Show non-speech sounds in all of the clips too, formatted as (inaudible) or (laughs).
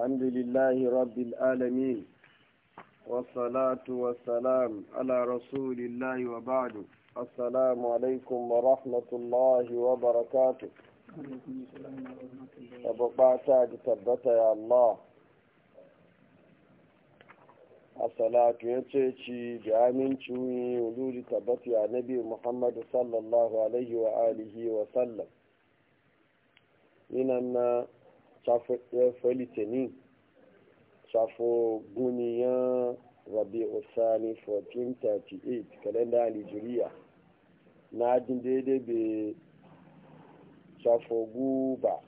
الحمد لله رب العالمين والصلاة والسلام على رسول الله وبعد السلام عليكم ورحمة الله وبركاته وبقاتا جتبتا يا الله الصلاة يتشي بآمن شوي ولود تبتا يا نبي محمد صلى الله عليه وآله وسلم من أن safo litinin safo guniyan rabi osani 1438 kalenda nigeria na ajin daidai be safo guba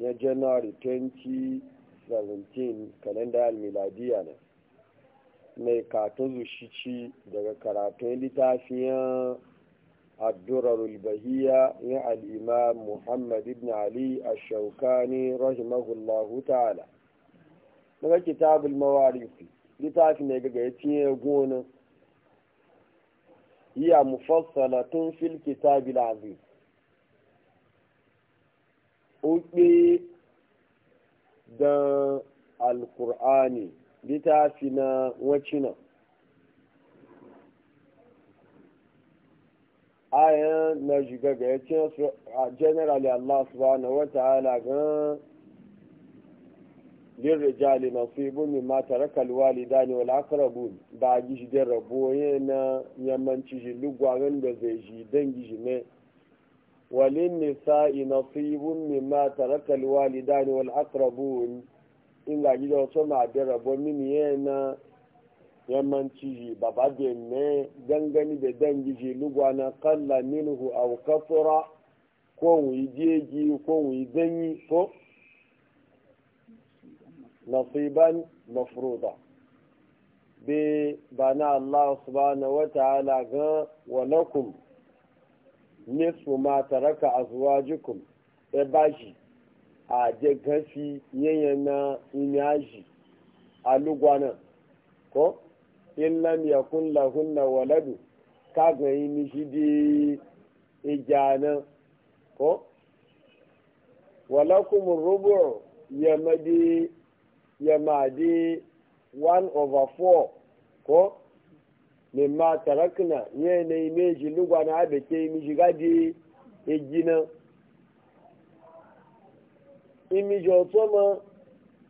ya january 2017 kalenda miladiya na mai katon zuci daga karatun littafiyan الدرر البهية مع الإمام محمد بن علي الشوكاني رحمه الله تعالى daga kitab al-mawarith littafi ne ga yace gona iya mufassalatun fil kitab al-aziz ubi da al littafi na wacina aya na shiga ga a generali Allah subhanahu wa ta'ala ga lirrijali nasibu mimma wali alwalidani wal aqrabun ba ji shi da rabo na yammanci shi lugwaran da zai ji don shi ne walin nisa'i nasibun mimma taraka alwalidani wal aqrabun in ga ji da wasu ma da rabo min na. yammanci ji ba da ne gangani da dangi lugwa na kalla minhu aw ko wuyi jeji ko wuyi danyi ko nasiban mafruda be bana Allah subhanahu wa ta'ala ga wa lakum nisfu ma taraka azwajukum e baji a je gafi yanyana inyaji a lugwana ko in lam yakun lahunna waladu ka ga yi mi shi di ijana ko walakum rubu yamadi yamadi one over four ko mimma tarakna ye ne imeji lugwa na abe ke imeji gadi ejina imeji otomo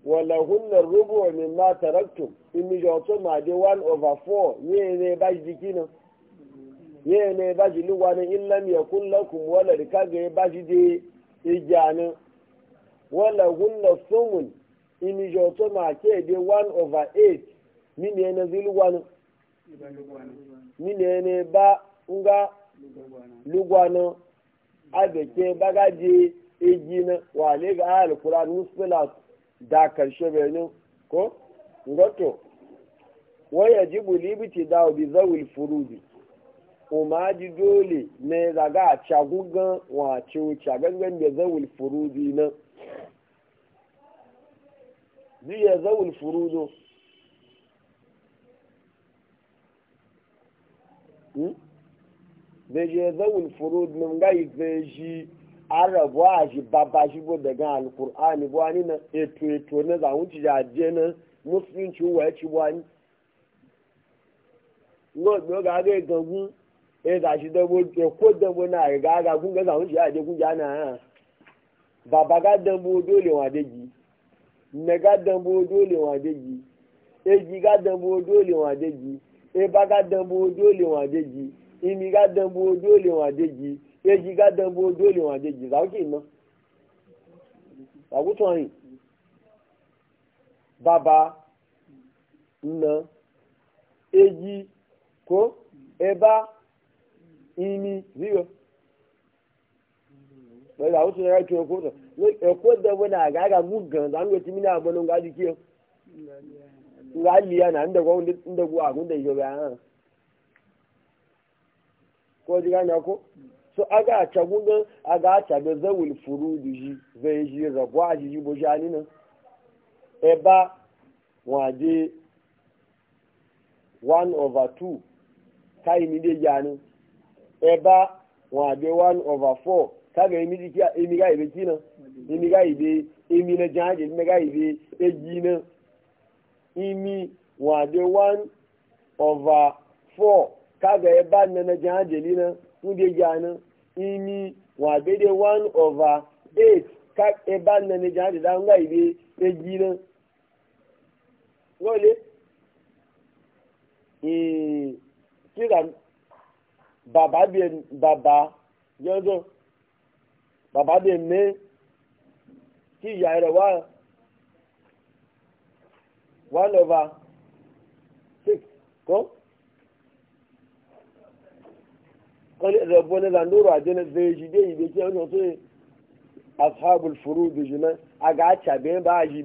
wala hunna rubu mimma imijọ tó máa di one over four yéé ní bá di kína yéé ní bá di lúwa ní ilẹ̀mí ẹ̀kún lọ́kùn wọlé kágé bá di di ìjà ni wọlé wúlò sómùn imijọ tó máa ké di one over eight mí ni ẹni di lúwa ni mí ni ẹni bá nga lúwa ni a bá gá di ìjì ni wà wa ne ga sílá dá da bẹ̀rẹ̀ ni ko. ngoto waya jibu libiti da bi zawil furudi umaji dole ne zaga a cagugan wace cagangan da zawul furudi na biya zawil furudu da je zawil furudu nan gai zai shi arabu a shi babba shi bo daga alkur'ani bo wani na eto eto na zahunci jaje na musulunci wa ya ci wani lọ́gbọ́n ga ga gangun e ga shi dabo e ko dabo na e ga ga gun ga zaun shi a je gun ja na ha baba ga dabo dole wa de ga dabo dole wa de ji e ji ga dabo dole wa de ji e ba ga dabo dole wa de ji imi ga dabo dole wa de ji e ji ga dabo dole wa de ji zaun ki no Agutu ayin. baba nna eji ko eba imi zero pẹ̀lú àwọn tó yára kí ọkọ̀ sọ ẹ̀kọ́ dẹ̀wọ́ náà àgàgà mú gan lánàá tí mi náà gbọ́nà ńgá di kí ọ ńgá lè náà ńdẹ̀kọ́ ńdẹ̀kọ́ kọ́ so aga àtsàgún gan aga àtsàgbẹ̀ zẹ́wìlì fòrò yìí zẹ́yìn yìí rẹ̀ bọ́ àjèjì bọ́jà eba waje one over 2 kai ni de yani eba waje one over 4 kaga emi di kia emi ga ibe kina emi ga ibe emi na jaje emi ga na emi waje 1 over 4 kaga eba na na jaje li na mu de ni emi waje de one over 8 kaga eba na na jaje da nga ibe na wọlé kíra bàbá bíi bàbá yọdọ bàbá bíi mẹ tí ìyá rẹ wá one over six kọ kọ́lé rẹ̀bọ́ ní làndóró àjọ ní bẹ́ẹ̀jì dé ọ̀nà tó yẹ ashabul furu dùjúmẹ́ àgàchà bẹ́ẹ̀ bá a yí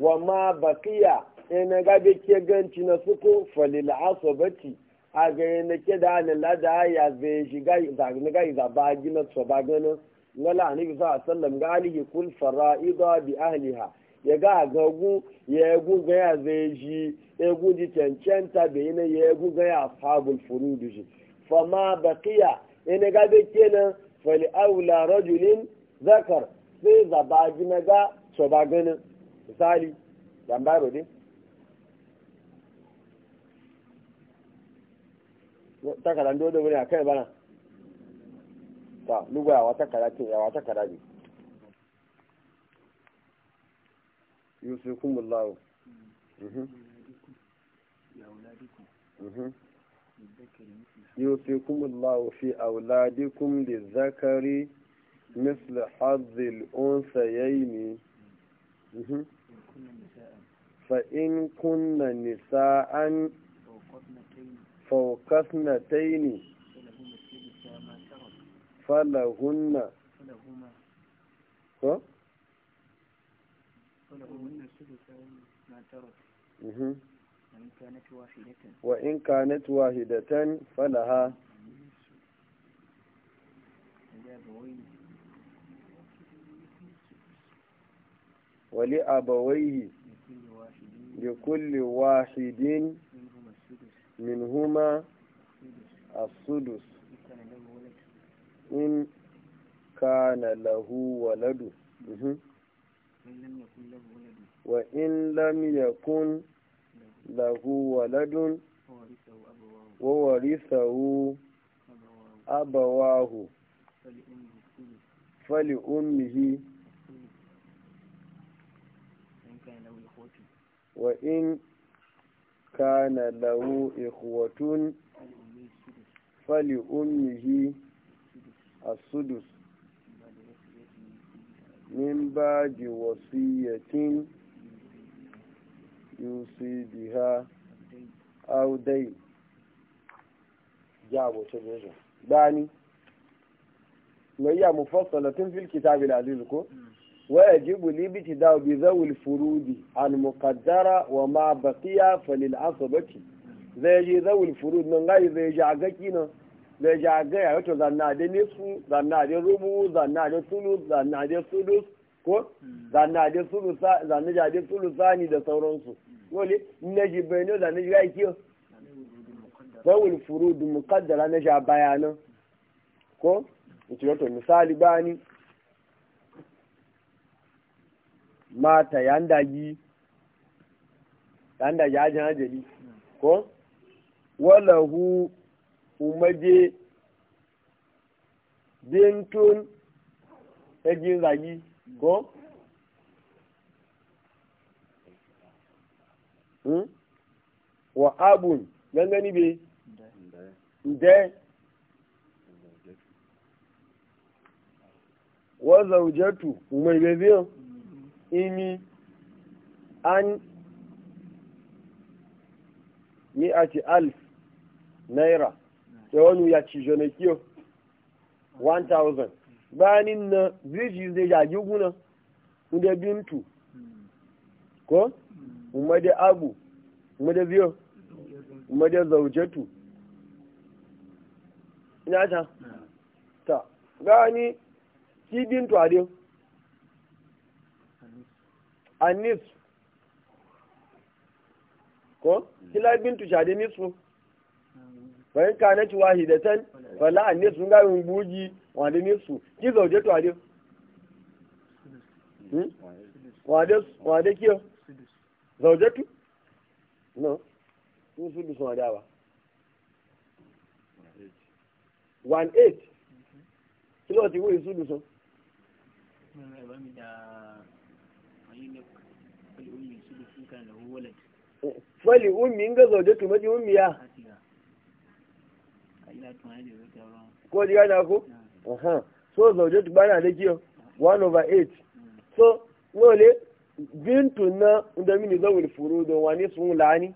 wa ma baqiya ina ga be ke ganci na suku falil asabati a ga ina ke da lalla da ya zai shiga da ga ga da ba gina so ba ngala annabi sallallahu alaihi sallam ga alihi kul fara'ida bi ahliha ya ga gu ya gu ga ya zai ji egu ji cancanta da yana ya gu ga ya fabul furu shi fa ma bakiya ina ga ke kenan fali aula rajulin zakar sai zaba ji na ga so ba ganin misali zambaro ne takara dole wani a kai bana ta lugu yawa takara ce yawa takara ne yusuf kumullahu يوصيكم الله في أولادكم للذكر مثل حظ الأنثيين فإن كن نساء فوق اثنتين فلهن وإن كانت واحدة فلها wali abawaihi li kulli wahidin minhuma as-sudus in kana lahu waladu mhm. wa in lam yakun lahu waladun wa warithahu abawahu fali ummihi وإن كان له إخوة فلأمه السدس من بعد وصية يوصي بها أو دين جابوا تبعجوا داني هي مفصلة في الكتاب العزيز كو ويجب الابتداء بذوي الفروض المقدرة وما بقي فللعصبة zai je zawul furud nan gai zai ja ga kina zai ja ga ya to zanna da nisfu zanna da rubu zanna da sulus zanna da ko da sulusa zanna da sauransu dole na ji bayano zanna ji gai kiyo zawul furud muqaddara na ko bani mata ya ndagi ya ji ajin ajali ko walahu umaje bintun egin zagi ko hmm? wa abun gangani be nde wa zaujatu umar bebiyan imi an mi'ati alif naira sai wani ya ci jona kiyo 1000 bayanin na bridges da jagi guna inda bintu ko umade abu umade biyo umade zaujatu ina ta ta gani ki bintu adiyo anis ko hmm. kila bintu shade nisu bayan ka na ci wahidatan wala anis sun ga buji wani nisu ki zauje to ade hmm? wade wade kiyo zauje tu no su su su wada ba 18 kilo ti wo su su fali ummi in ga zauje tu maji ummi ya ko ji gane ko aha so zauje tu bana da kiyo 1 over 8 so wole bintu na unda mini zawul furudun wani sun lani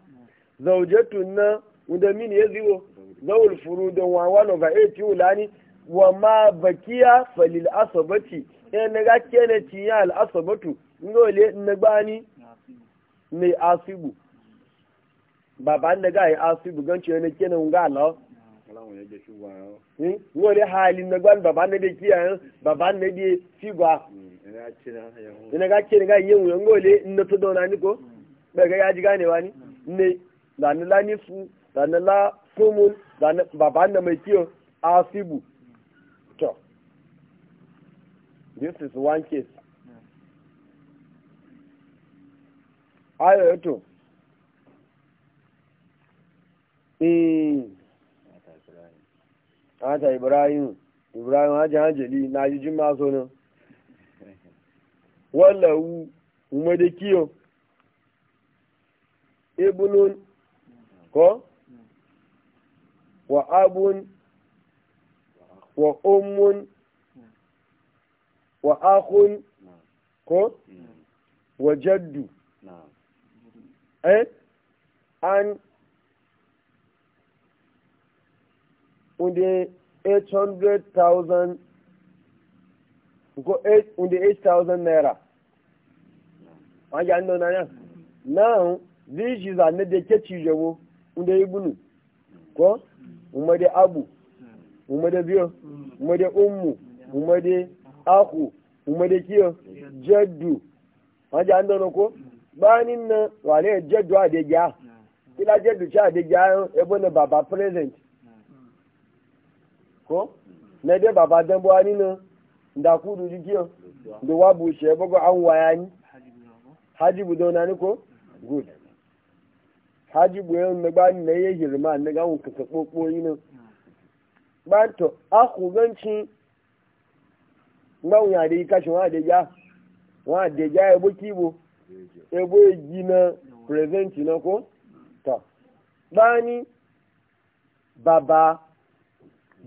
tu na unda mini ya ziwo zawul furudun wa 1 over 8 yau lani wa ma bakiya falil asabati yana e, ga kene ciya al asabatu ngole na gbani ne asibu baban da ga yi asibu gan ciye hm? hm? hm, na kenan ga ala wani halin na gwan baba na da kiyayen baba na da figwa ina ga ce ga yin wuyan gole in na to dauna ni ko bai yaji ganewa ni ne da na la ni su da na la sumun da na baba na mai kiyo asibu to this is one case ayo yato eh, eh. ata ibrahim ibrahim hajji hanjali na yi jin maso nan wallawu umade kiyo ibnun ko wa abun wa ummun wa akhun ko wa jaddu na'am eh an unde 800,000 ko unde 8,000 naira an ndo na yan now this is an de ke ci jewo unde ibunu ko umade abu umade biyo umade ummu umade aku umade kiyo jaddu an ja ndo ko bayanin na wale jaddu adeja hmm. kila jaddu cha adeja ebo na baba present ko hmm. na de baba dan bo ani na nda ku du ji do wa bu she bo go an waya ni haji bu do na ni ko hmm. good haji bu en na ba na ye hirma na ga un kaka popo yi na ba to aku ganci ngba un ya de ka shi wa adeja wa adeja kibo ebo eji na present na ko ta bani baba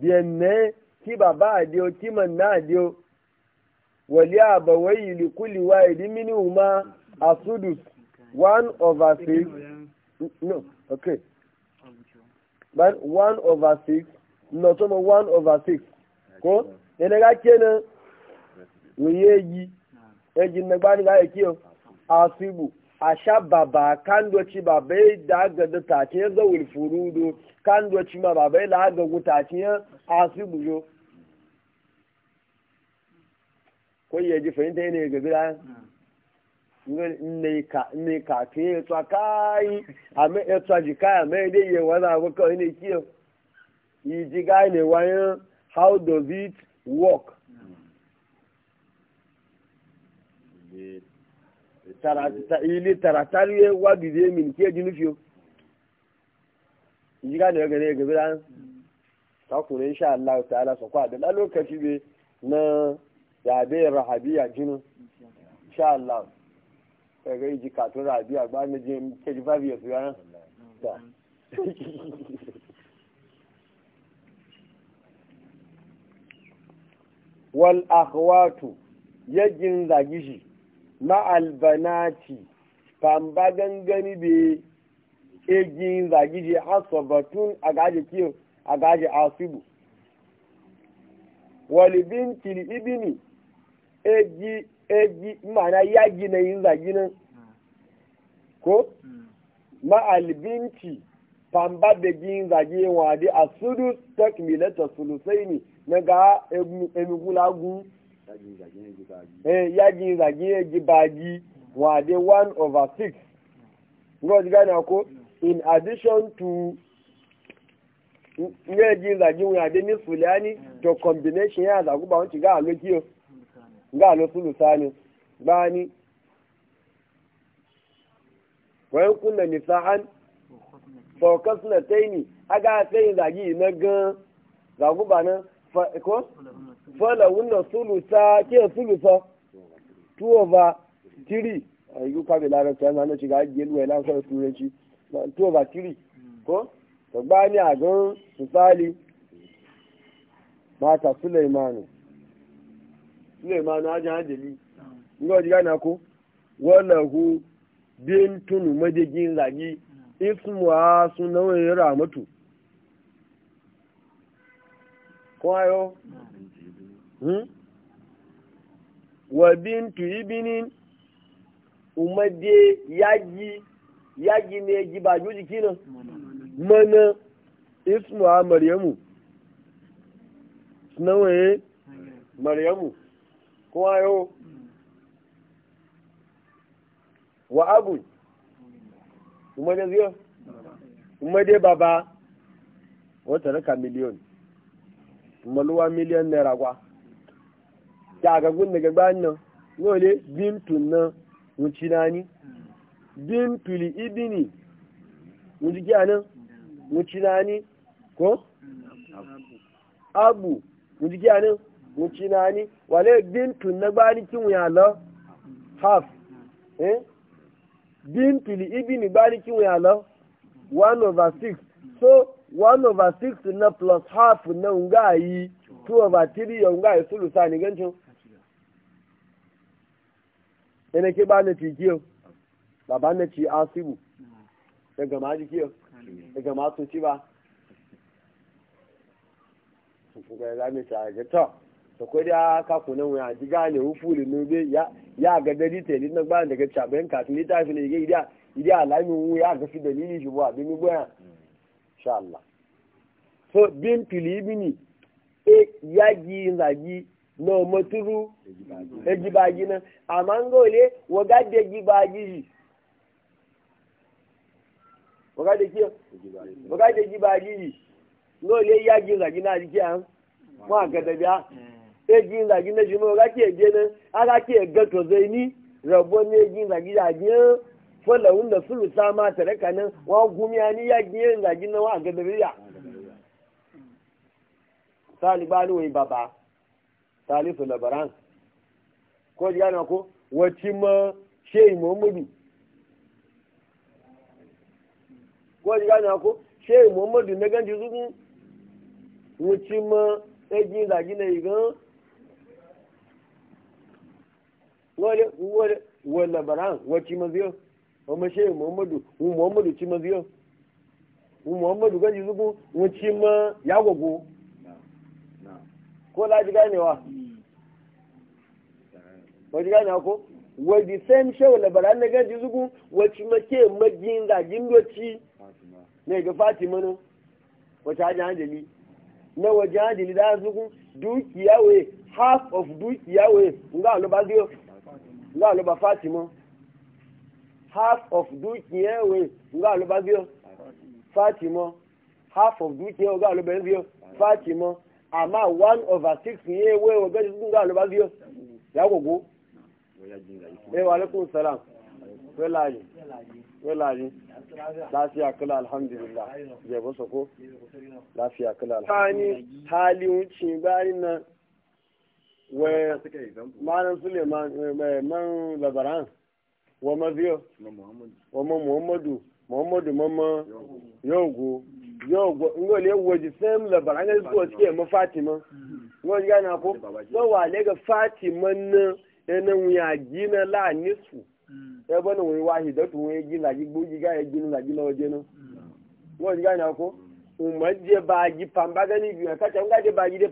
bienne ki baba adio ki manna adio wali abawai li kulli wahidi minhuma asudus one over six, no okay but one over six, no one mo 1 over 6 ko ene ga kenan wo ye yi eji na gba ni ga e o asibu a sha baba kan doci babai e da aga da tace ya zawul furudo kan doci ma babai da e aga gutace ya asibu yo ko ya ji fahimta e ne ga gida ne ka ne ka ke ya tsa kai a me ya tsa ji kai dai ya wala ba kai ne kiyo yi ji how does it work ili taratari wa wagi zai min ke ji nufiyo yi gane ya gane gabi ran ta kuma insha Allah ta'ala su kwa da lokaci be na ya yabe rahabiya jinu insha Allah ka ga ji katon rahabiya ba na je ke ji fafi ya su yana da (laughs) wal akhwatu yajin zagishi ma'albanati famba gangani be egin zagiji asabatun a gaji kiyo a gaji asibu walibin ibini eji eji mana ya na yin zagi nan ko ma'albinci famba da gin zagi wadi a sudus takmilata sulusai ne na ga emigulagun yajin zage ya ji baji wade 1 over 6 ngọzi gane ko in addition to yajin zage wade ni fulani to combination ya zagu ba wancin ga alo kiyo ga alo sulusani bani wayan kunna nisa'an faukas na taini aga sai zage na gan zagu ba nan ko fọ́lọ̀ wúnà sólù kí 2/3 two over three àyíkú kábẹ̀ lára tí a máa ń ṣe ká jẹ́ lúwẹ̀ láńkọ́ ìfúnrẹ́ sí two over three kó tọ̀gbá ní àgán sùsáàlì mata suleimanu suleimanu ajá ọjọ́ wọ́n lọ hu bí ń túnú ńlá ayọ́. Hmm? wa bintu ibinin umade yaji yaji ne ji ba joji kinan mana ismu a maryamu sunawaye maryamu kuma yau wa abu umade ziyo umade baba wata raka miliyon maluwa miliyon naira kwa kyagagun daga bayan nan dole bintun nan wuci na ni bintuli ibini wuci kiya nan wuci na ni ko abu wuci nan wuci na wale bintun na bani kin wuya la half eh bintuli ibini bani kin wuya la 1 over 6 so 1 over 6 na plus half na nga yi 2 over 3 ya nga yi sulusa ni gancin ene ke ba na ci kiyo baba na ci asibu daga e ma ji kiyo daga e ma to ci ba ga la mi ta ga to to ko da ka ku nan wa ji ga ne ufuli no be ya ya ga dari te ni na ba daga chaben ka ni ta fi ne ga ida ida alami wu ya ga fi dalili shi ba bi mi goya insha Allah so bin pilibini e yaji zagi na omaturu ejibaji na amma nga ole wogade da ejibaji yi wogade da ke waga da ejibaji yi nga ole ya ji zagi na adike an wa gada biya hmm. eji zagi na ji ma waga ke na aka ke gato zai ni rabo ne eji zagi da biya fola wunda sulu sama tare kanin wa gumiya ni ya ji zagi na wa gada biya talibani hmm. wai baba salisu labaran ko ji gane ko wacce ma shehi muhammadu ko ji gane ko shehi muhammadu na ganji zugun wacce ma ɗagin zagi na igan wale wale wale labaran wacce ma ziyo ọmọ shehi muhammadu muhammadu ci ma ziyo un muhammadu ganji wacce ma ya gwagwo ko laji ganewa wajen ganewa ko wajen same shewa labaran na gaji zugu wacce make magin zagin doci ne ga fatima nan wacce hajji hanjali na wajen hanjali da zugu dukiya we half of dukiya we nga aluba ziyo nga aluba fatima half of dukiya we nga aluba ziyo fatima half of dukiya we nga aluba ziyo fatima ama one over six ní ewé ọgbẹ́ tuntun gbà ló bá bí ó yàgògó ewa alekun salam wẹ́láyé wẹ́láyé láfíà kílá alhamdulilá jẹ̀bọ́ sọ́kó láfíà kílá alhamdulilá. hali ń cin na wẹ́ mọ́nà suleiman mọ́n labaran wọ́n mọ́ bí ó muhammadu muhammadu mọ́mọ́ yóò yau ngole waje sam labar an yanzu suke ma fatima wani mm-hmm. na ko so wa ne ga fatima na yanan ya gina la nisu ya mm-hmm. e bana wani wahida to wani gina gi bugi ga ya e gina la gina waje na wani mm-hmm. na ko umaje ba gi pamba gani biyu ka ta ba gi de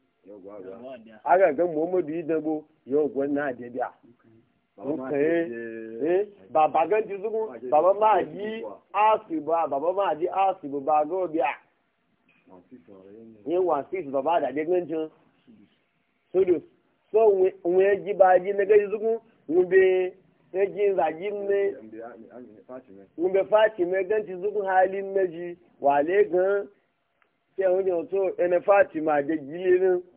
aga ga muhammadu yi dago yau gwanna da biya okay baba gan ti zugun baba ma ji asiba baba ma ji asibu ba go biya ye wa baba da de gan jun sodo so we ji ba ji na ga zugun we be ne ji za ji ne we be fati me gan ti zugun halin meji wale gan se onye to ene fati ma de gile ne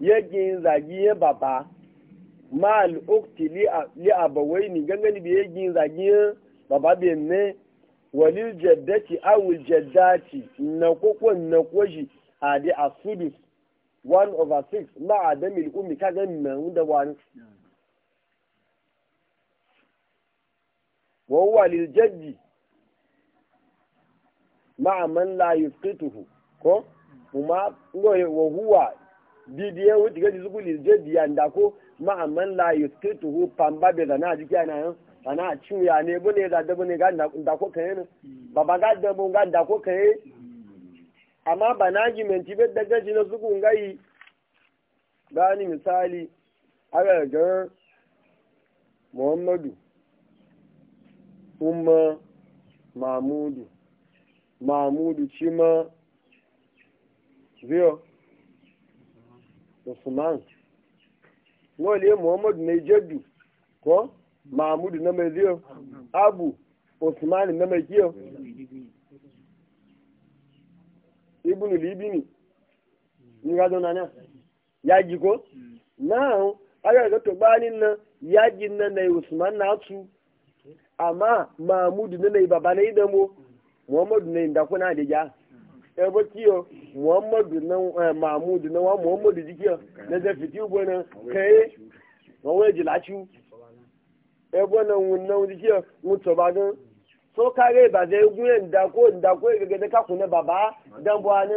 yagin zagi ya baba ma al'ukti li abawai ni gangani bi yagin zagi ya baba bi ne walil jaddati awul jaddati na kokon na kwashi adi di asudus 1 over 6 ma adamil umi ka gani na wanda wani وهو للجد مع من لا يسقطه كو wa huwa bidiyan wuti gaji zuku lije biyan da ko amman la yuskitu hu pamba be zana a jiki ana yan ana a ne bu ne da bu ne ga da ko kan yana baba ga da bu ga da ko kan yi amma ba na gimenti be da gaji na zuku ngai gani misali aga ga muhammadu umma mamudu mamudu chima ziyo usman wale muhammad na jaddu ko mahmudu na mai ziyo abu usman na mai kiyo ibn libini ni ga zauna nan yaji ko now aka ga to banin nan na usman na su amma mahmudu na mai baba na idamo muhammadu na inda na da ebe kiyo muhammadu na mahmudu na wa muhammadu jikiya na zafi tiyo bwana kai ma wani jilacu ebe na wunan jikiyo mutu ba gan so kare ba zai gune ndako ndako ya gaga ka kuna baba dan bwani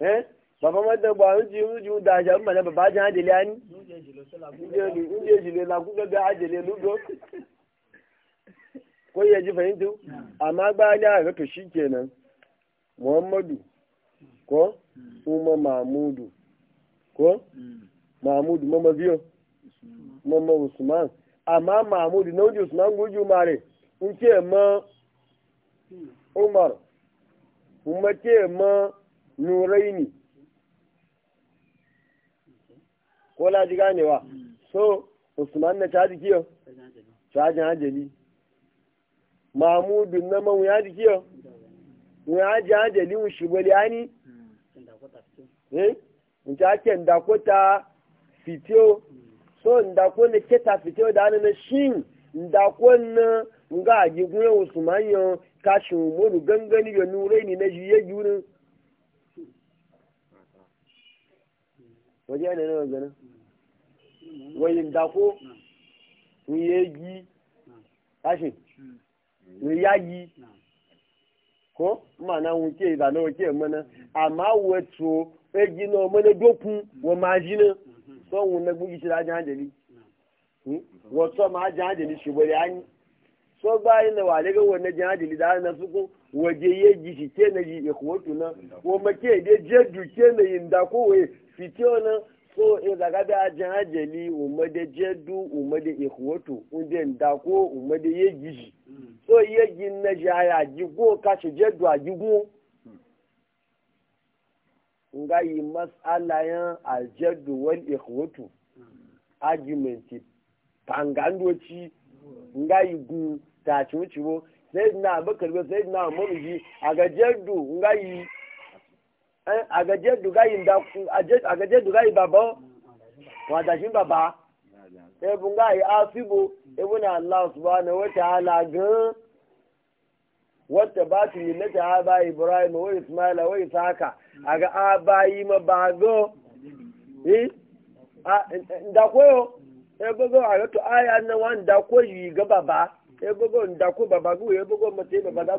eh baba ma dan bwani ji mu ji da ja mu na baba jan ajele ani inje jilo la ku ga ajele lugo ko ya ji fahimtu amma ba ni a to shi kenan muhammadu ko kuma mahmudu ko mahmudu mama biyo mama usman amma mahmudu na wuce usman guju mare nke ma umar kuma ke ma nuraini ko laji ganewa so usman na caji kiyo cajin ajali mahmudu na man wuya jiki yau wuya ji hajjali mu gwali ani hmm. eh in ta ake ndakota fito so ndako na keta fito da ana na shin ndako na nga a gigun yau usman yau kashin umaru gangani da nure ni na jiye jurin waje ne na gana hmm. wayin dako wuye hmm. gi kashin yayi ko mana wuce izana mana amma wato egi na mana dokun wa majina son wuna gugi shi rajin hajjali wato ma hajjin so bayan na wale ga wannan jin hajjali da na suku hmm? waje ya ji shi ke na na ko make da jaddu na yin da ko we na so e zaga a jan jeli umade jedu umade ikhwatu unde ndako umade yegiji so yegi na jaya jigo kashi jedu ajigo nga yi mas'ala yan aljadu wal ikhwatu argument tangandoci nga yi gu ta chuchu sai na bakar sai na mamuji a jedu nga yi Eh, agaje dugayi ndaku agaje dugayi babo wa dajin baba e bungayi afibo e buna allah subhanahu wa ta'ala gan wata ba ti yi leta aba ibrahim wa ismaila wa isaka aga aba yi ma ba go eh ndaku yo e gogo aga to aya na wa ndaku yi ga baba e gogo ndaku baba go e gogo mate baba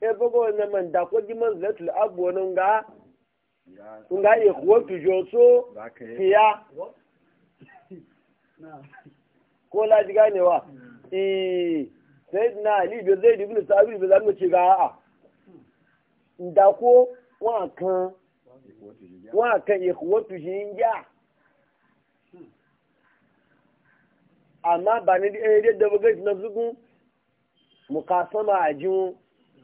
ebogo na man da ko man zatul abu nan ga nga ko kuwa jo so ya ko la ne wa e hmm. sai na ali bi zai ibn sabi bi zan ce ga a hmm. da ko wa kan wa kan ye kuwa tujin ja hmm. amma ba ni da da bugai na zugun mukasama a jiwo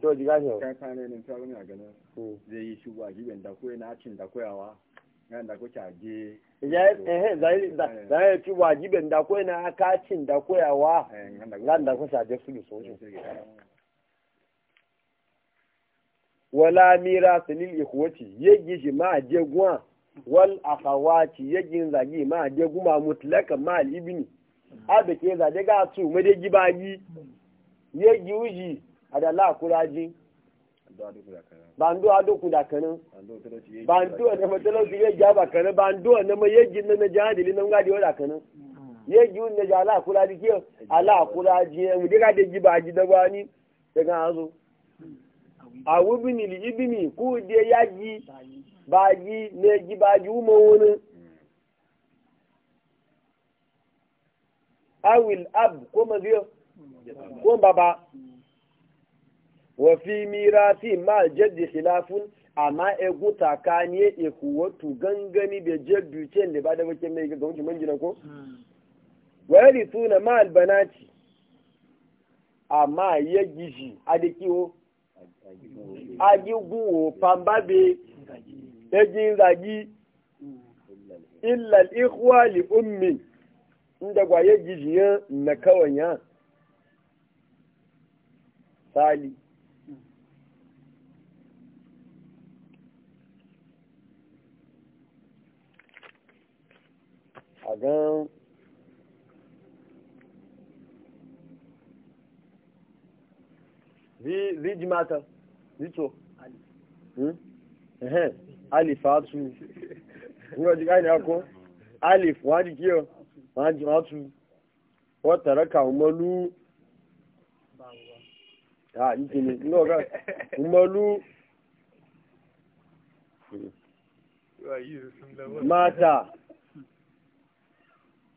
to ji ne ka kana nan ta rumiya gana hmm. zai yi shugaba giben da koyi na cin da koyawa nan da kuka je eh, eh zai zai ci wajiben da koyi na aka cin da koyawa eh, nan da kuka je su so wala mira silil ikhwati yaji jima'a jegwa wal akhawati yaji zagi ma jeguma mutlaka mal ibni hmm. abe ke zade ga su mu de gibaji hmm. yaji uji adala akuraji bandu adoku da kanin bandu wanda matalauci ya jaba kanin bandu wanda mai yaji na na jihadili na ngadi wa da kanin yaji wanda ja ala akuraji ke ala akuraji ya mu diga da giba ji da bani daga hazo hmm. a wubini li ibini ku de yaji baji ne ji baji uma wani hmm. awil ab ko maziyo hmm. ko baba wafi mirasi ma jaddi khilafun amma egu takani ya e eku watu gangani da jaddu ce da ba da mai ga wancan gina ko hmm. wayari suna ma albanati amma ya gishi a da kiwo a giguwo pambabe egin zagi illal ikhwa li ummi inda gwaye gijiyan na kawanya sali a hmm? ji ah, mata zito alif atu wọ́n jí káyìn akọ́ alif wọ́n jí kí ọ wọ́n jí atu wọ́n tẹ̀rẹ́ ka ọmọlú ìkìlì mata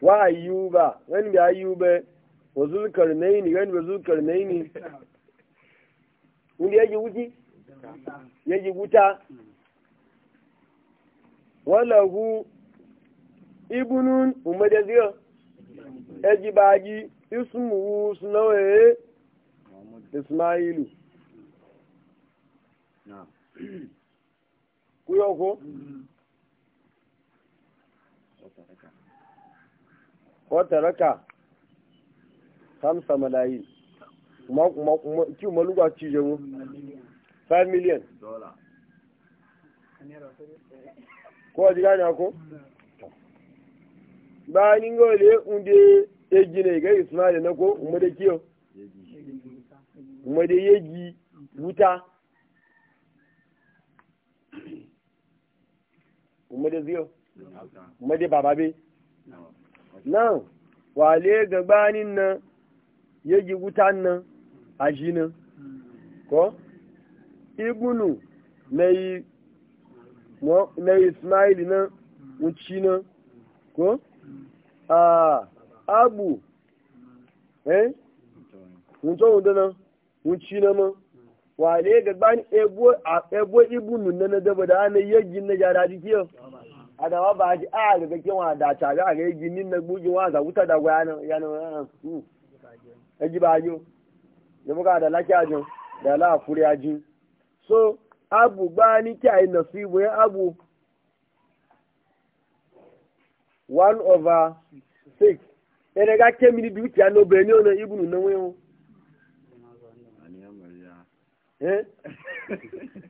wa ayyuba wani bi ayyuba wa zulkarnaini wani bi zulkarnaini wani yaji wuki yaji wuta walahu ibunun umadazir yaji baji ismuhu sunawaye ismailu kuyoko mm-hmm. wata raka hamsa malayi kiwo maluwa ci mu 5 million ko ji gani ako bayan e ga wale unde ya gina ga isna da nako umar da kiyo Umar da yegi wuta Umar da ziyo Umar da bababe nan wale gabanin nan ya gi wutan nan a jinin ko ibnu na ismaili nan wuci nan ko a abu eh wuto nan wuci nan ma wale gabanin ebo ibunu na na daba da ana yaggin na jara jikiyar adawa ba ji a ah, ga gake wa da ta ga ga yi nin na buji wa za wuta da gwanan yana su ah, ah, ya ji ba yo da muka da laki ajin da la furi ajin so abu ba ni ki ai nasibu ya abu one over six ene ga ke mi bi ano be ni ona ibunu na we o eh (laughs)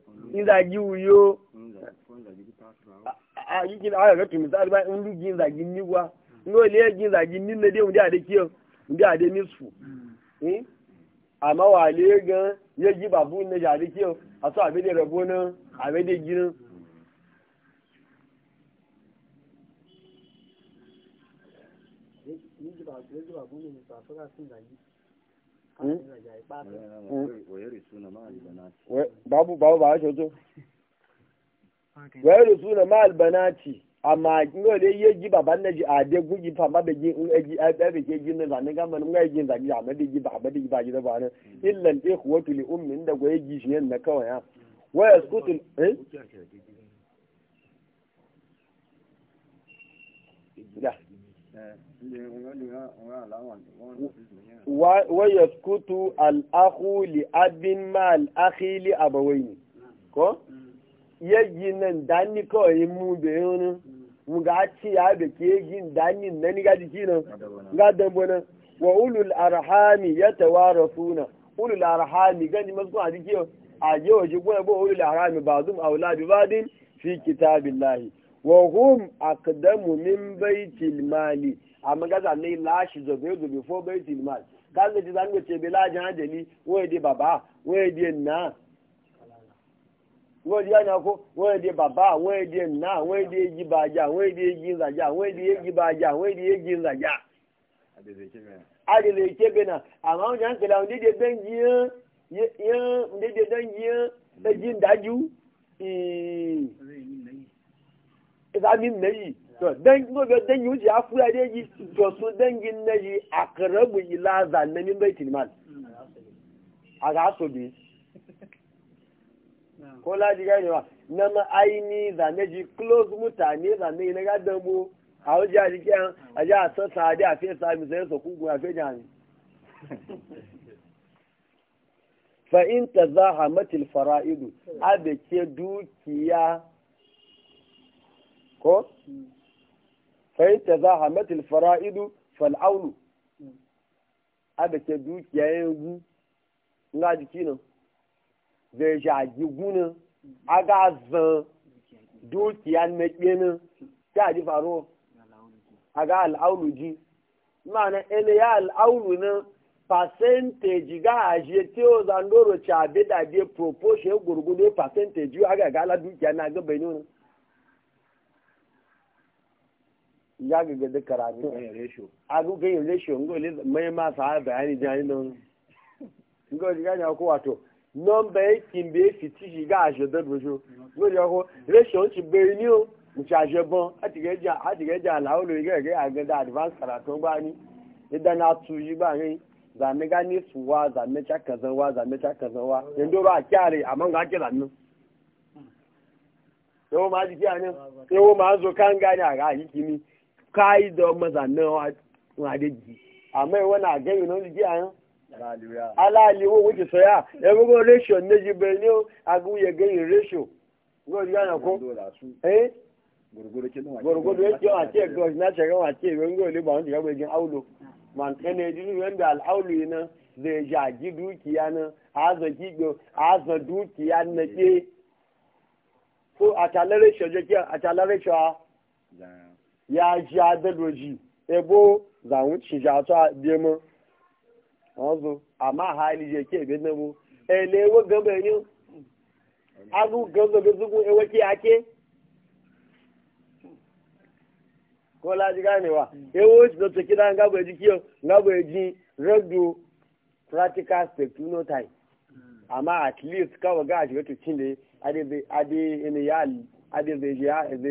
inzagi uyo a ga tumi tsari ba in lugi inzagi ni gwa ngo le gi inzagi ni ne de unde ade kiyo unde ade ni eh hmm. hmm? amma wa le ga ye gi babu ne ja ade kiyo aso abe de rabo na abe de girin ni ji ba ni ji babu ne sa fa ga sun zagi Hmm? Hmm? babu babu ba shi to wayar a ma albanati amma ngo le yeji baba na ji ade guji fa ma be ji eji abe ke ji na zan ga man ji zan ya ma ji ba de ji ba ji da ba ne hmm. illa ikhwatu li ummi inda go yeji shi na kawai eh? ya waya yaskutu eh wa yaskutu al'ahu li abin ma al'ahi li abawai ko yaji nan dani kawai mu da yau mu ga ci ya da ke yin dani na ni ga jiki nan ga dambo nan wa ulul arhami ya tawarasuna ulul arhami gani masu a jiki a yau ji gwai bo ulul arhami ba zum aula bi badin fi kitabillahi wa hum aqdamu min baitil mali amma ga zanne lashi zobe zobe fo baitil mali ga ne ti zanne ce bela jan deli wo de baba wo de na wo de na ko wo de baba wo de na wo de ji baja wo de ji zaja wo de ji baja wo de ji zaja na amma on jan kala on de benji yan yan de de yan e ji zamin na yi dan gobe dan yuji ya fura da yi to su dangin na yi a karabu ila zannanin baitul mal a ga so bi (laughs) ko laji gane wa na ma zane ji close mutane zane na ga dambo a wajen a jikin a ji a sassa a a fiye sami sai su kugu a fiye jami (laughs) fa'in ta za a matil fara'idu a da ke dukiya ko fai ta za hamatul fara'idu fal'aunu a da ke dukiya ya yi nga jiki nan zai shaji gunan a ga zan dukiya na ƙenin ta ji faro a al al'aunu ji ma'ana ene ya al al'aunu nan percentage ga ajiye tí ó zandoro ci abidade proportion gurgudu percentage aga ga ala dukiya na gaba ne ya gaga da karatu a guga yin ratio ngo le mai ma sa bayani jani non ngo diga nya ko wato non be kin be e fiti shi ga ajo da bojo ngo ya ko ratio ti be e ni o mu ti bon ati ge ja ati ge ja la o lo e ge ge aga da advance karatu gba ni idan na tu yi ba ni za mi ga ni suwa za mi cha kazan wa za mi cha kazan wa ndo ba kyare amma ga ke lannu yau ma ji kyani yau ma zo kan gani a ga yi kimi kai da maza na wa da ji amma wani a gami na ji a alali wo wuce soya ya bugo ratio ne ji beni o agu ye gani ratio go ji ana ko eh gurgudu yake wa ce gosh na shaga wa ce ben go e e le ba wani ga gin aulo ah. man kane ji ni wanda al aulo ina zai jaji dukiya na azo gido aza dukiya na ke so a talare shoje ke a talare shoa ya ji adaloji ebo zawun ci ja to biye mo won zo ama hali je ke be mu ele wo gambe ni agu gambe be zugu e wake ake kola la ji gane wa e wo ji to kida nga bo ji kiyo nga bo ji radio practical spectrum ama at least kawo ga shi ga tucin da ade ade ya ade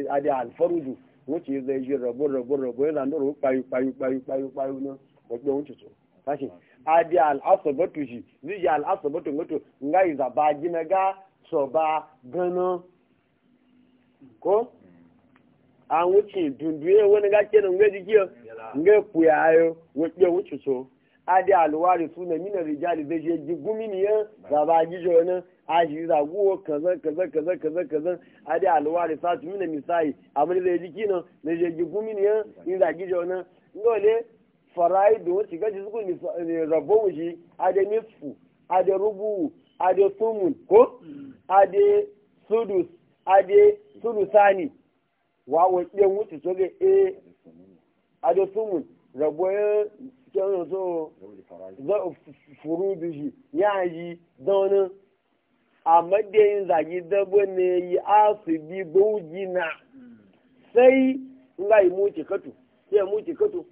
zai alfarudu wuce zai ji rabu rabu rabu yana nuru kwayo kwayo kwayo kwayo kwayo na wajen wuce su kashi adi al'asabatu shi zai mutu nga yi zaba gina ga so ba gano ko an wuce dunduye wani ga kenan nga jiki nga kuyayo wajen wuce su adi alwari suna mina rijali zai je gumi ne ya zaba gijo na aji za guwa kaza kaza kaza kaza kaza adi alwari sa tu mina misai da zai jiki na na je gi gumi ne in za gi jona ngole farai do ti shiga ji zuku ni rabo wuji ade nisfu ade rubu ade sumun ko ade sudus ade sudusani wa wo de wuti e, so ge e ade sumun rabo ya so da shi ya yi donan a madayin zagi dabo ne yi bi asibi na sai nga yi muke katu sai muke katu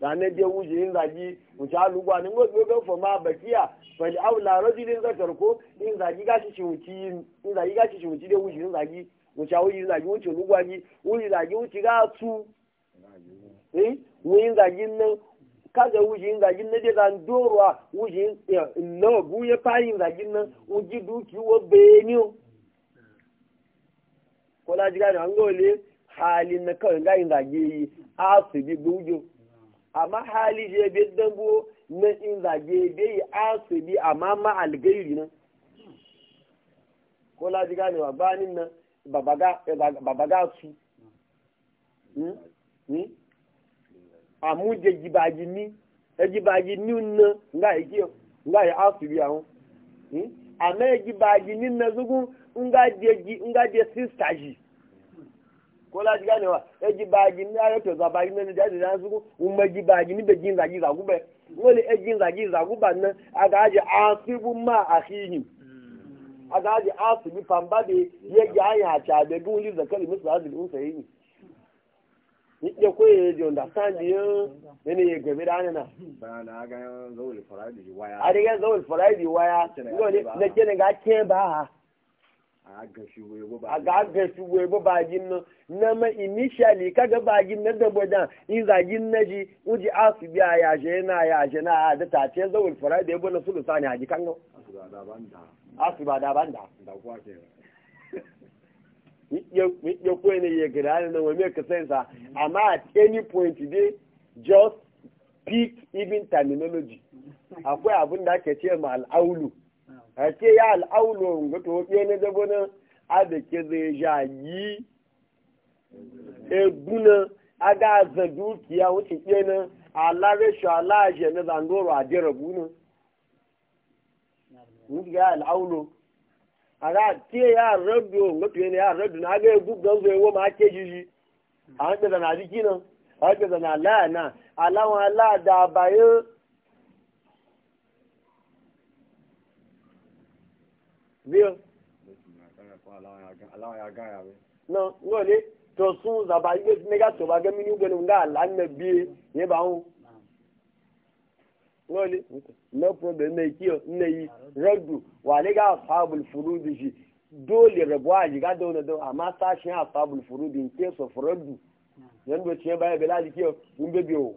na je wuce yin zagi wuce alugwa ne ngo ga fa bakiya fali li aula rajulin zakar ko yin zagi gashi shi wuci in zagi gashi shi wuce dai wuce yin zagi wuce awuyi yin zagi wuce lugwa ni wuce zagi wuce ga su eh wuce zagi nan kaza wujin zagin na je zan dorwa wujin nawa buye fayin zagin nan uji duki wa benio ko la jiga an gole halin na kawai ga yin zage yi a su bi bujo amma hali je bi dambo na in zage dai a su bi amma ma algairi nan ko la jiga ne wa banin nan babaga babaga su hmm? Hmm? àmújẹ jìbàjì ní ẹjìbàjì ní nà ńgá áfìrí àwọn hmm? àmọ́ ẹjìbàjì ní nà sógún sísà yìí kola jiga ne wa eji baji ni ayo to zaba ni ne jadi dan suku umma ji baji ni be jin zaji za gube wole e jin zaji za guba na aga aje asibu ma akhihi aga aje asibu de be yake koyi da understand yo ne ne gabe da nan ba na ga zawul faradi waya a riga zawul faradi waya ngo ne ne ke ne ga ke ba a ga shi we bo ba jin no na ma initially ka ga ba jin na da boda in za jin na ji uji asu biya ya je na ya je na da ta ce zawul faradi bo na sulu sani haji kan asu ba da banda asu ba da banda da kwa ke ya kwenye ya gari na wame kasansa ah. amma at any point today just pick even terminology akwai abin da ake ce ma al'aulu a ya al'aulu ga to ke ne a da ke zai ja yi eguna a ga zan dukiya wuce ke nan a lare shi na zangoro a dira Wuce ya al'aulu E e aga tie ya rabu ngoto ne ya rabu na ga egu ganzo ewo ma ke jiji an da na jiki nan an da na la na ala wa la da bayo biyo no no le to za ba ga to ba ga nga ala ye ba lọ́ọ̀lì no problem ne ikiyo ne yi ragdu wa ne ga ashabul furudi shi dole rabuwa a jiga da wani amma sashen ashabul furudi in case of ragdu yan da ce baya bela jikiyo in bebe o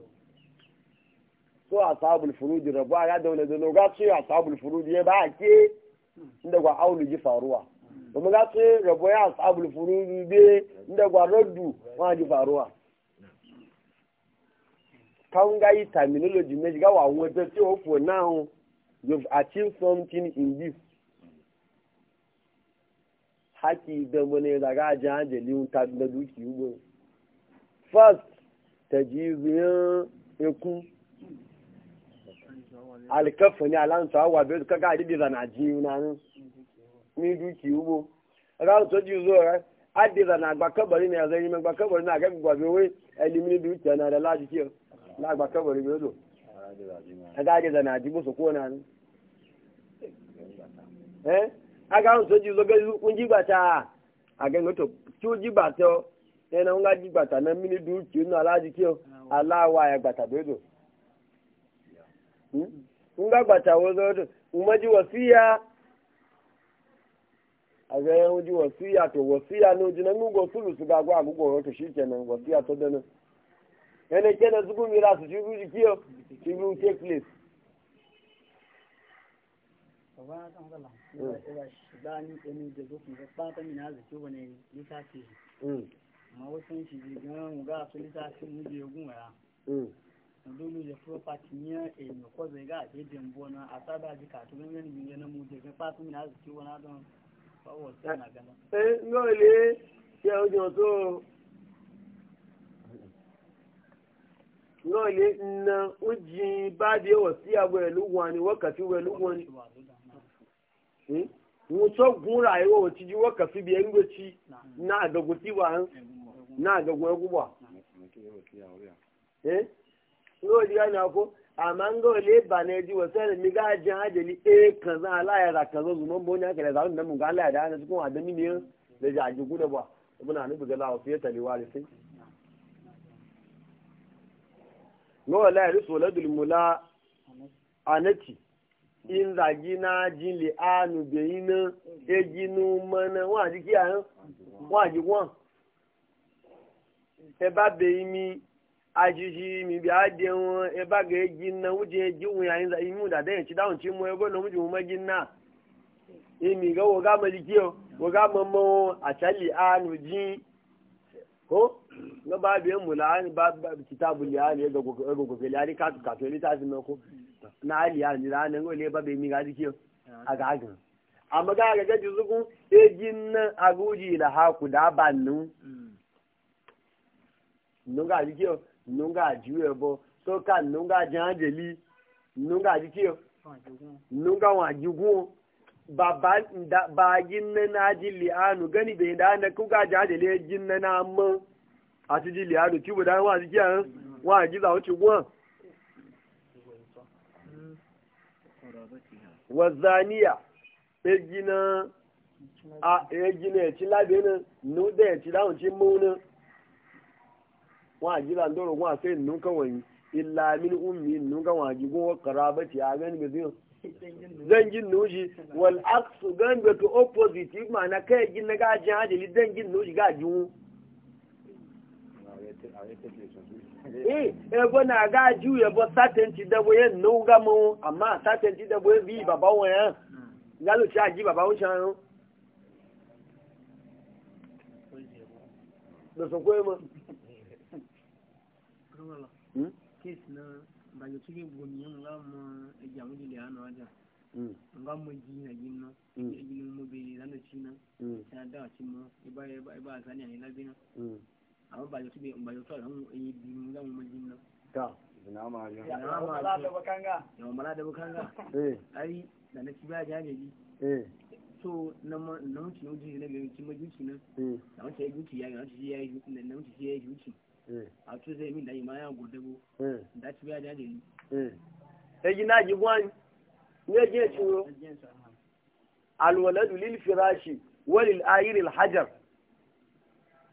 so ashabul furudi rabuwa ga da don ga ce ashabul furudi ya ba ke inda kwa aulu ji faruwa kuma ga ce rabuwa ashabul furudi be inda kwa ragdu ma ji faruwa kanga yi terminology méjì gawa àwọn ẹgbẹ́ tí ó fò náà you've achieved something in this. haki ìdánwò ni ìdàgá ajá àjẹlé ń ta gbẹdú kì í first tẹ̀jú ìrìn ẹkú alikẹ́fọ̀ ni aláǹtọ̀ àwọn àbẹ̀rẹ̀ kankan àdìdì ìlànà àjíyìn náà ní dúkìí gbọ. ráàlù tó jí zó rẹ àdìdì ìlànà àgbà kọ́bọ̀rì ni ẹ̀rọ ẹ̀yìn mẹ́gbà kọ́bọ̀rì náà akẹ́kọ̀ọ́ àbẹ̀wé ẹ̀lìmí ní dúkìí náà rẹ̀ láti kí ọ. lágbà kẹwàá rẹ̀ lò agáàjẹ́ zànà àjíbòsò ji náà ní ẹ́ agáhùn sójú lọ́gẹ́ ń jígbàtà àgẹ́gọ́tò tí ó jígbàtà ẹ̀nà ń gá jígbàtà náà mí ní dùn tí ó náà aláàjì kí ọ aláwọ̀ àyàgbàtà bẹ́ẹ̀dọ̀ ń gá gbàtà wọ́n lọ́dọ̀ ń mọ́jú wọ̀ sí ya àgbẹ̀ ń jí wọ̀ sí ya tó wọ̀ sí E le kene zibou miras, jibou jikyo, jibou njikye plis. Tavane an zang zang lan. E la shida ni jizok mwen, pata mi nazikyo wane lita ki. Ma hmm. wè sen jizikyan, mwen gase lita ki mwen jigyo mwen ya. Mwen do mwen jiflo pati mwen, e mwen kwa zwe gaje jembo nan. Ata da jikato mwen, mwen jen mwen jikyo, pata mi nazikyo wane. Mwen li, jen wajotou. lọ́ọ̀lẹ́ e e e na ó jí bá di ẹwọ̀ sí àwọ̀ ẹ̀lú wọn ni wọ́kàtí wẹ̀lú wọn ni wọ́n tó gún ra ẹwọ̀ òtí ju wọ́kàtí bí ẹgbẹ́ tí náà àgọ̀gùn tí wà ń náà wà. lọ́ọ̀lẹ́ àmà ń lọ́ọ̀lẹ́ ìbànú wọ̀ mi gáà jẹ́ aláyàrá kan mọ́ bóyá sáà lọ́wọ́ láìrí sọ̀lọ́dùn múlá anẹ́tì ìzàgí náà jinlẹ̀ ànùbẹ̀yìn náà ejinu mọ́nà wọ́n àti kí àyàn wọ́n àti wọ́n. ẹ bá bẹ̀yìn mi àṣìṣe mi bí àdé wọn ẹ bá gẹ̀ ejì náà wọ́n ti ejì wọn àyìn ìzàgí mú dàdẹ́ yẹn ti dáhùn tí mu ẹ gbọ́dọ̀ wọ́n ti wọ́n mẹ́jì náà. èmi ìgbà wọ́n ká mọ̀ ẹ́ di kí ọ wọ́n ká mọ̀ mọ́ nga ba biyan mulani ba kitabu liyani ga gogo ga liyani ka ka to ni ta sin ko na liyani da nan ole ba be mi ga dikiyo a ga ga amma ga ga ga zugun e jin aguji la ha ku da bannu nunga dikiyo nunga juwe bo so ka nunga janjeli nunga dikiyo nunga wa jugun baba da ba jin na ji liyanu gani be da na ku ga janjeli e jin na na amma àti di ilẹ̀ àdùn tí ìwé dáhùn àti kí àrùn wọn àjíṣà ó ti wọ́n. wazaniya ejina a ejina ẹ̀tí lábẹ́ náà nùdẹ̀ ẹ̀tí láwọn tí mú náà wọn àjíṣà ń dọ̀rọ̀ wọn àfẹ́ nù kan wọ̀nyí illa min ummi nù kan wọn àjíṣà wọn karabati àgẹ́ni bẹ̀rẹ̀ wal aksu gan to opposite ma na kai gin na gajin hajjali dangin nuji eh ego na ga ju ye bo satin ti da boye no ga mu amma satin ti da boye bi baba won yan galo ti aji baba won chan do so ko mo hmm? na ba yo tike bo mi yan ga mo e ja mo dile ano aja hmm. nga mo ji na ji no hmm. e ji mo na no chi na ta da chi mo e ba e ba sa e ni ani la bi na amma ba yosu ba yosu ran yi bimu zan mu jin nan ta ina ma ya ina ma da bakanga ya mala da bakanga eh ai da na ci ba jami'i eh so na na mutu ne mutu ne mai cin majuci nan eh. na mutu ya juci ya na ya na mutu ya juci eh. a to zai min da ya da eh. ci ba eh ne je alwaladu lil firashi walil ayiril hajar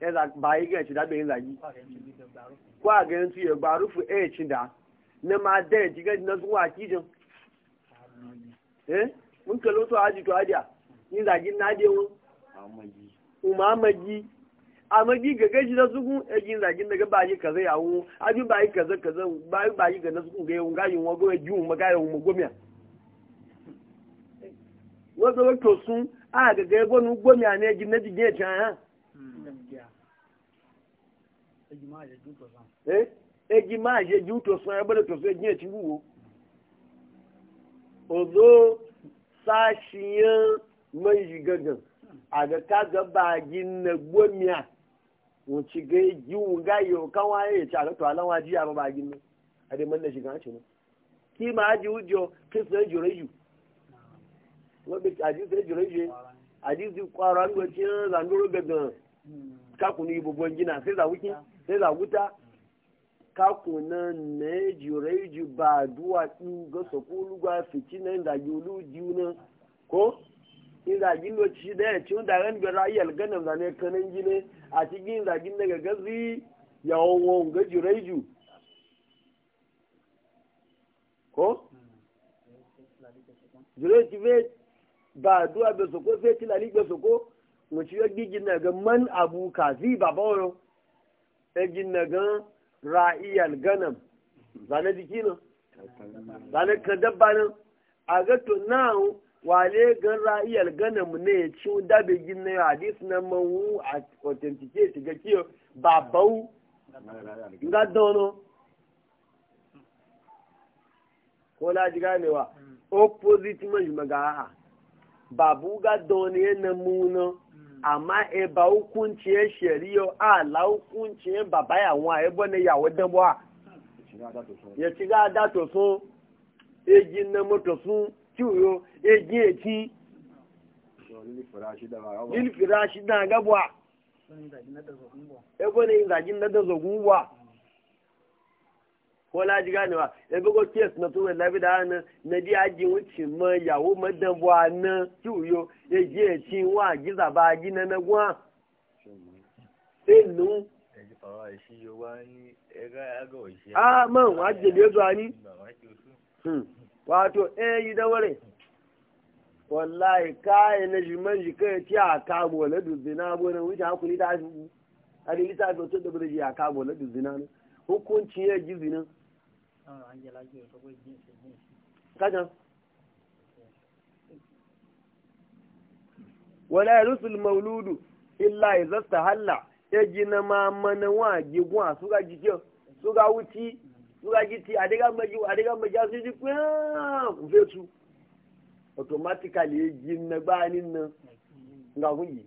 ya bayi ga ci da bai zagi ko a ganin su ya ba rufu eh ci da na ma da na zuwa kijin eh mun kalo to aji ni na de won umamaji amagi ga gashi na zugu e gin daga ya wu abi bayi kaza kaza bayi bayi ga na zugu ga na eji eh? máa ṣe ju tòsán ẹgbẹ́lẹ̀ tòsán ẹgbẹ́ ẹ̀tí wúwo òzó sáṣìyàn mẹ́yì gangan àgàkàgà báàgì nàgbọ́mìà wọ́n ti gé jíwùn gáyò káwọn ayé ìta àgàtọ̀ aláwọ̀ ajíyà bá báàgì mi àdèmọ́ ní ṣìgá ṣe kí máa jí wújọ kí sọ èjò rẹ jù wọ́n bẹ àdìsí èjò rẹ jù àdìsí kwara ń gbẹ tí ń rà ń dúró gẹ̀gàn kákùnrin ìbòbò sai za wuta ka na ne jure ji ba duwa ɗin ga sakulu ga ci na inda yulu diuna ko inda gino ci da ya ci inda ran bi ra'ayi ganin zane ne kanan gine a cikin inda gin daga gazi ya won ga jure ju ko jire ci ve ba duwa be soko fe ti lali be soko mo ci yo gigi na ga man abu kazi baba egin na gan ra'iyal ganam zane jiki nan zane ka dabba nan a ga to wale gan ra'iyal ganam ne ci dabe gin na hadis na mawu a authenticate ga kiyo babau ga dono ko la ji wa mm. opposite mai magaha babu ga dono ne na muno amma e ba hukunciyar shari'a a la hukunciyar baba yawon a ebe ne ya dambo a ya ci ga dato sun egin na moto sun kiwo egin eki lilfira shi na gabuwa ebe ne yin zagin na da zogun wa ko laji ganewa ya bi ko kes na tuwe labi da hannun na di aji wuce ma yawo madan bu hannun kiwuyo ya ji ya ci wa giza ba gi na a man wajen da ya zuwa ni hmm. wato eh yi da ware wallahi kayan na jiman jikai ti a kamo wale duzina abu na wuce hakuri ta shi a da ita a da bude ji a kamo wale duzina hukunci ya wala rusul mauludu illa iza tahalla ejina ma mana wa gigun asuga jikyo suga wuti suga jiti adiga maji adiga maji asu ji pe vetu ah, automatically ejina gba ni na nga kunyi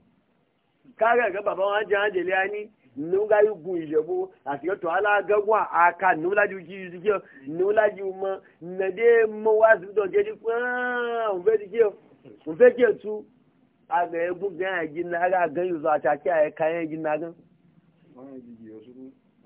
kaga ga baba wa jan le ani nuga yi gun ìyẹ̀bú àti ọ̀tọ̀ alágẹ́gùn àka nùlájú jí ìdíjẹ́ nùlájú mọ́ nàdé mọ́ wá síbítọ̀ jẹ́jú pẹ́ẹ́n òfé di tu àgbẹ̀ egun gan àjí náà gan yóò sọ àtàkì àyẹ̀ká yẹn jí náà gan. wọ́n yẹn jíjì ọ̀ṣun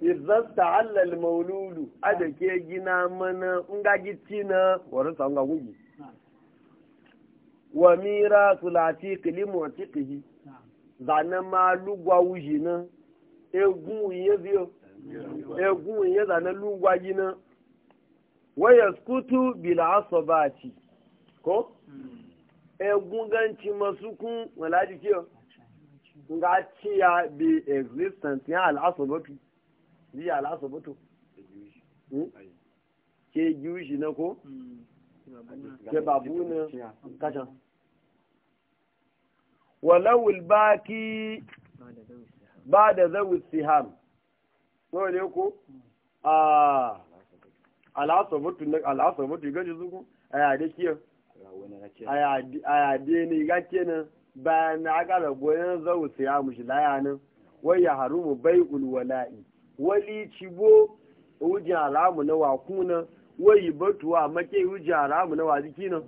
izasta allal maululu a da ke gina mana in na tina wani sa wa mira sulati kilimu tikihi zana ma lugwa wuji na egun iye biyo egun iye zana lugwa gina waya skutu bila asabati ko egun ganci masukun wala jikiyo nga ya bi existence ya al'asabatu jiya lasu mutu ke giwushi na ko ke babu na kasha walawul baki ba da zawul siham so ne ko hmm. ah. a alasa mutu gaji zuku a yade kiyar a yade ne ga kenan bayan na aka da goyon zawul siham shi layanin hmm. wai ya harumu bai ulwala'i wali cibo wujen alamu na wakuna wayi batuwa make wujen alamu na waziki nan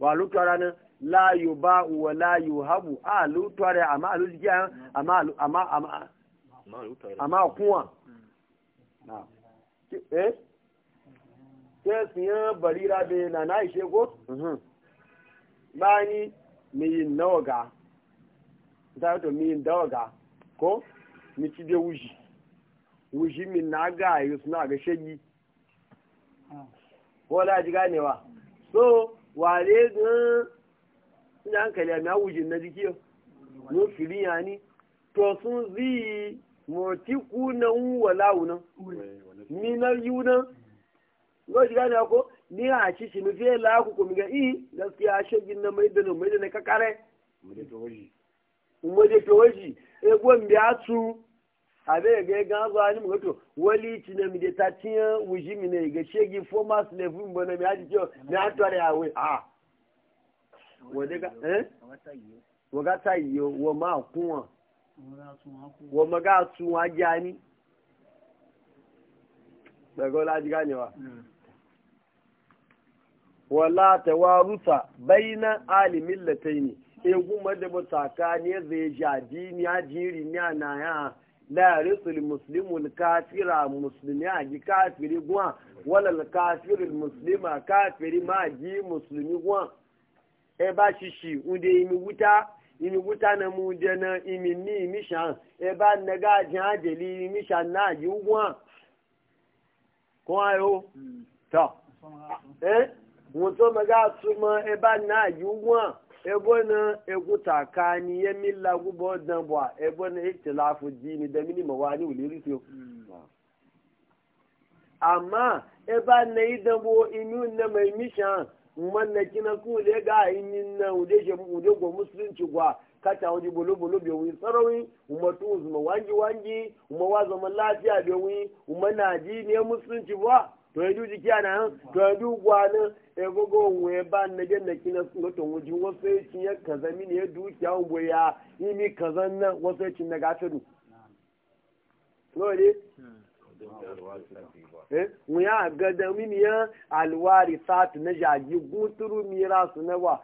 wa lutwara nan la yu ba wa la yu habu a lutwara amma a lutwara yan amma amma amma amma kuwa eh sai yan barira da na na ishe ko mhm. bani mai yin nawaga yi to mai ko mi ci bi wuji wushi min na ga yi suna ga shagi ah. ko da ji ganewa so wale gan ina hankali a na wujin na jikiyo no firin ya ni to sun zi moti kuna wala wunan ni na yuna ko ji ganewa ko ni a ci shi nufi la ku ko mi ga i gaskiya shagin na mai da na mai da na kakare mu da to waji mu da to waji e gwon biya tu abe ga ga zo ani mu wali tina mi de tatiya wuji mi ne ga shegi na mi haji jo mi atware awe ah wo ga eh yo wo ma kunwa wo ma ga tu wa jani daga laji ganewa wala tawaruta baina alimin lataini egun madaba tsakani zai jadi ni ajiri ni anaya la yarisul muslimul kafira muslimi a ji kafiri guwa walal kafirul muslima kafiri ma ji muslimi guwa e ba shi shi unde imi wuta imi wuta na mu je na imi ni imi shan e ba na ga ji ajeli imi shan na ji guwa kun ayo to eh mo to suma e ba na ji guwa ebo na egwuta ka anyị ya mila gubo dan bwa ebo na itila afọ jini da mini mawa ni wuli risi amma eba na idan bo inu na mai mishan manna kina kule ga inin na ude je ude go musulunci gwa kata wani bolobolo bolo bai wuyi tsarawi umar tun zuma wangi-wangi umar wa zaman lafiya bai wuyi umar ji ne musulunci ba to yanzu jiki ana nan to yanzu gwanin e gogo ba na je na kina sun to wuji wasu ya kaza mini ya dukiya wo hmm. eh, ya yi kaza nan wasu ya ga firu lori ya alwari na jaji guturu mira su na wa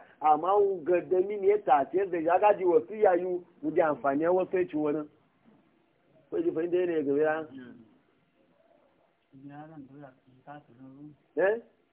ya ya amfani ya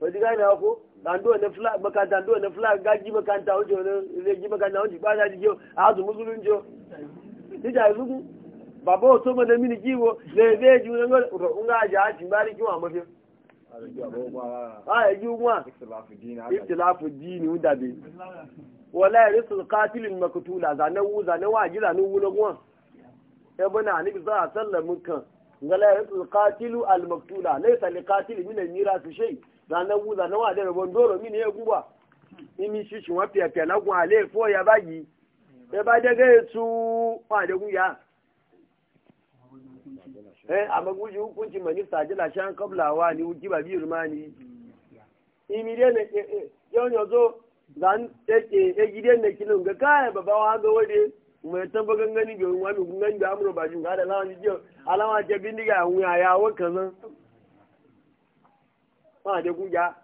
wani gane ko dando wani flag maka dando na flag ga ji makanta wuce wani zai ji makanta wuce ba na jiyo a hazu musulun jiyo ni da zuku baba wato mana mini kiwo zai zai ji wani ra'un ga ji haci ba ni kiwa mafi a yi ji yiwuwa iftilafu dini wuda bi wala ya risu katilin makutula zane wu zane wa ji ni wu na kuma ya bana ni bisa a sallar mukan gala ya risu katilu al-maktula makutula laisa li katil mina mira su shai zanen wu zanen wa dẹrẹ bọ́n dọ́rọ̀ mí ni egu wa mímí ṣíṣì wọn na lágùn àlẹ́ ìfọ́ ya báyìí ẹ e bá dẹ́gẹ́ ètò wọn àdékùn yá. ẹ e, amagunji hukunci mani sajila shan kabla wa ni wuji ba biyu ma ni. imi dai na yau ne e, zo zan egi dai na kilin ga kaya baba wa ga wade mai taba gangani bai wani gangani da amurba shi ga da lawan jiyar alawa ce bindiga a wuya ya wakan nan. wọn àjẹ kú ya.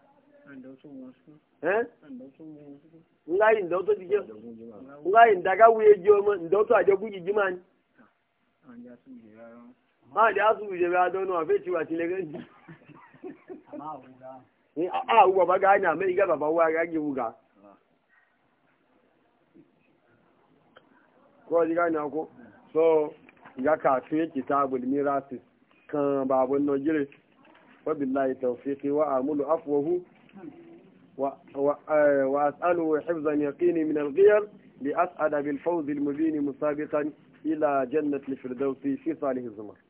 nga yi ndọ́ tó ti jẹ́ nga yi ndaka wuye jẹ́ ọmọ ndọ́ tó àjẹ kú jìjì máa jẹ́ asùnwù ìṣẹ̀lẹ̀ adọ́nù a wù bàbá gàá ní amẹ́ríkà bàbá jẹ́ kọ́ ọdí ní akọ́ sọ ìyá kan وبالله توفيقي وأعمل عفوه آه، وأسأله حفظا يقيني من الغير لأسعد بالفوز المبين مسابقا إلى جنة الفردوس في صالح الزمر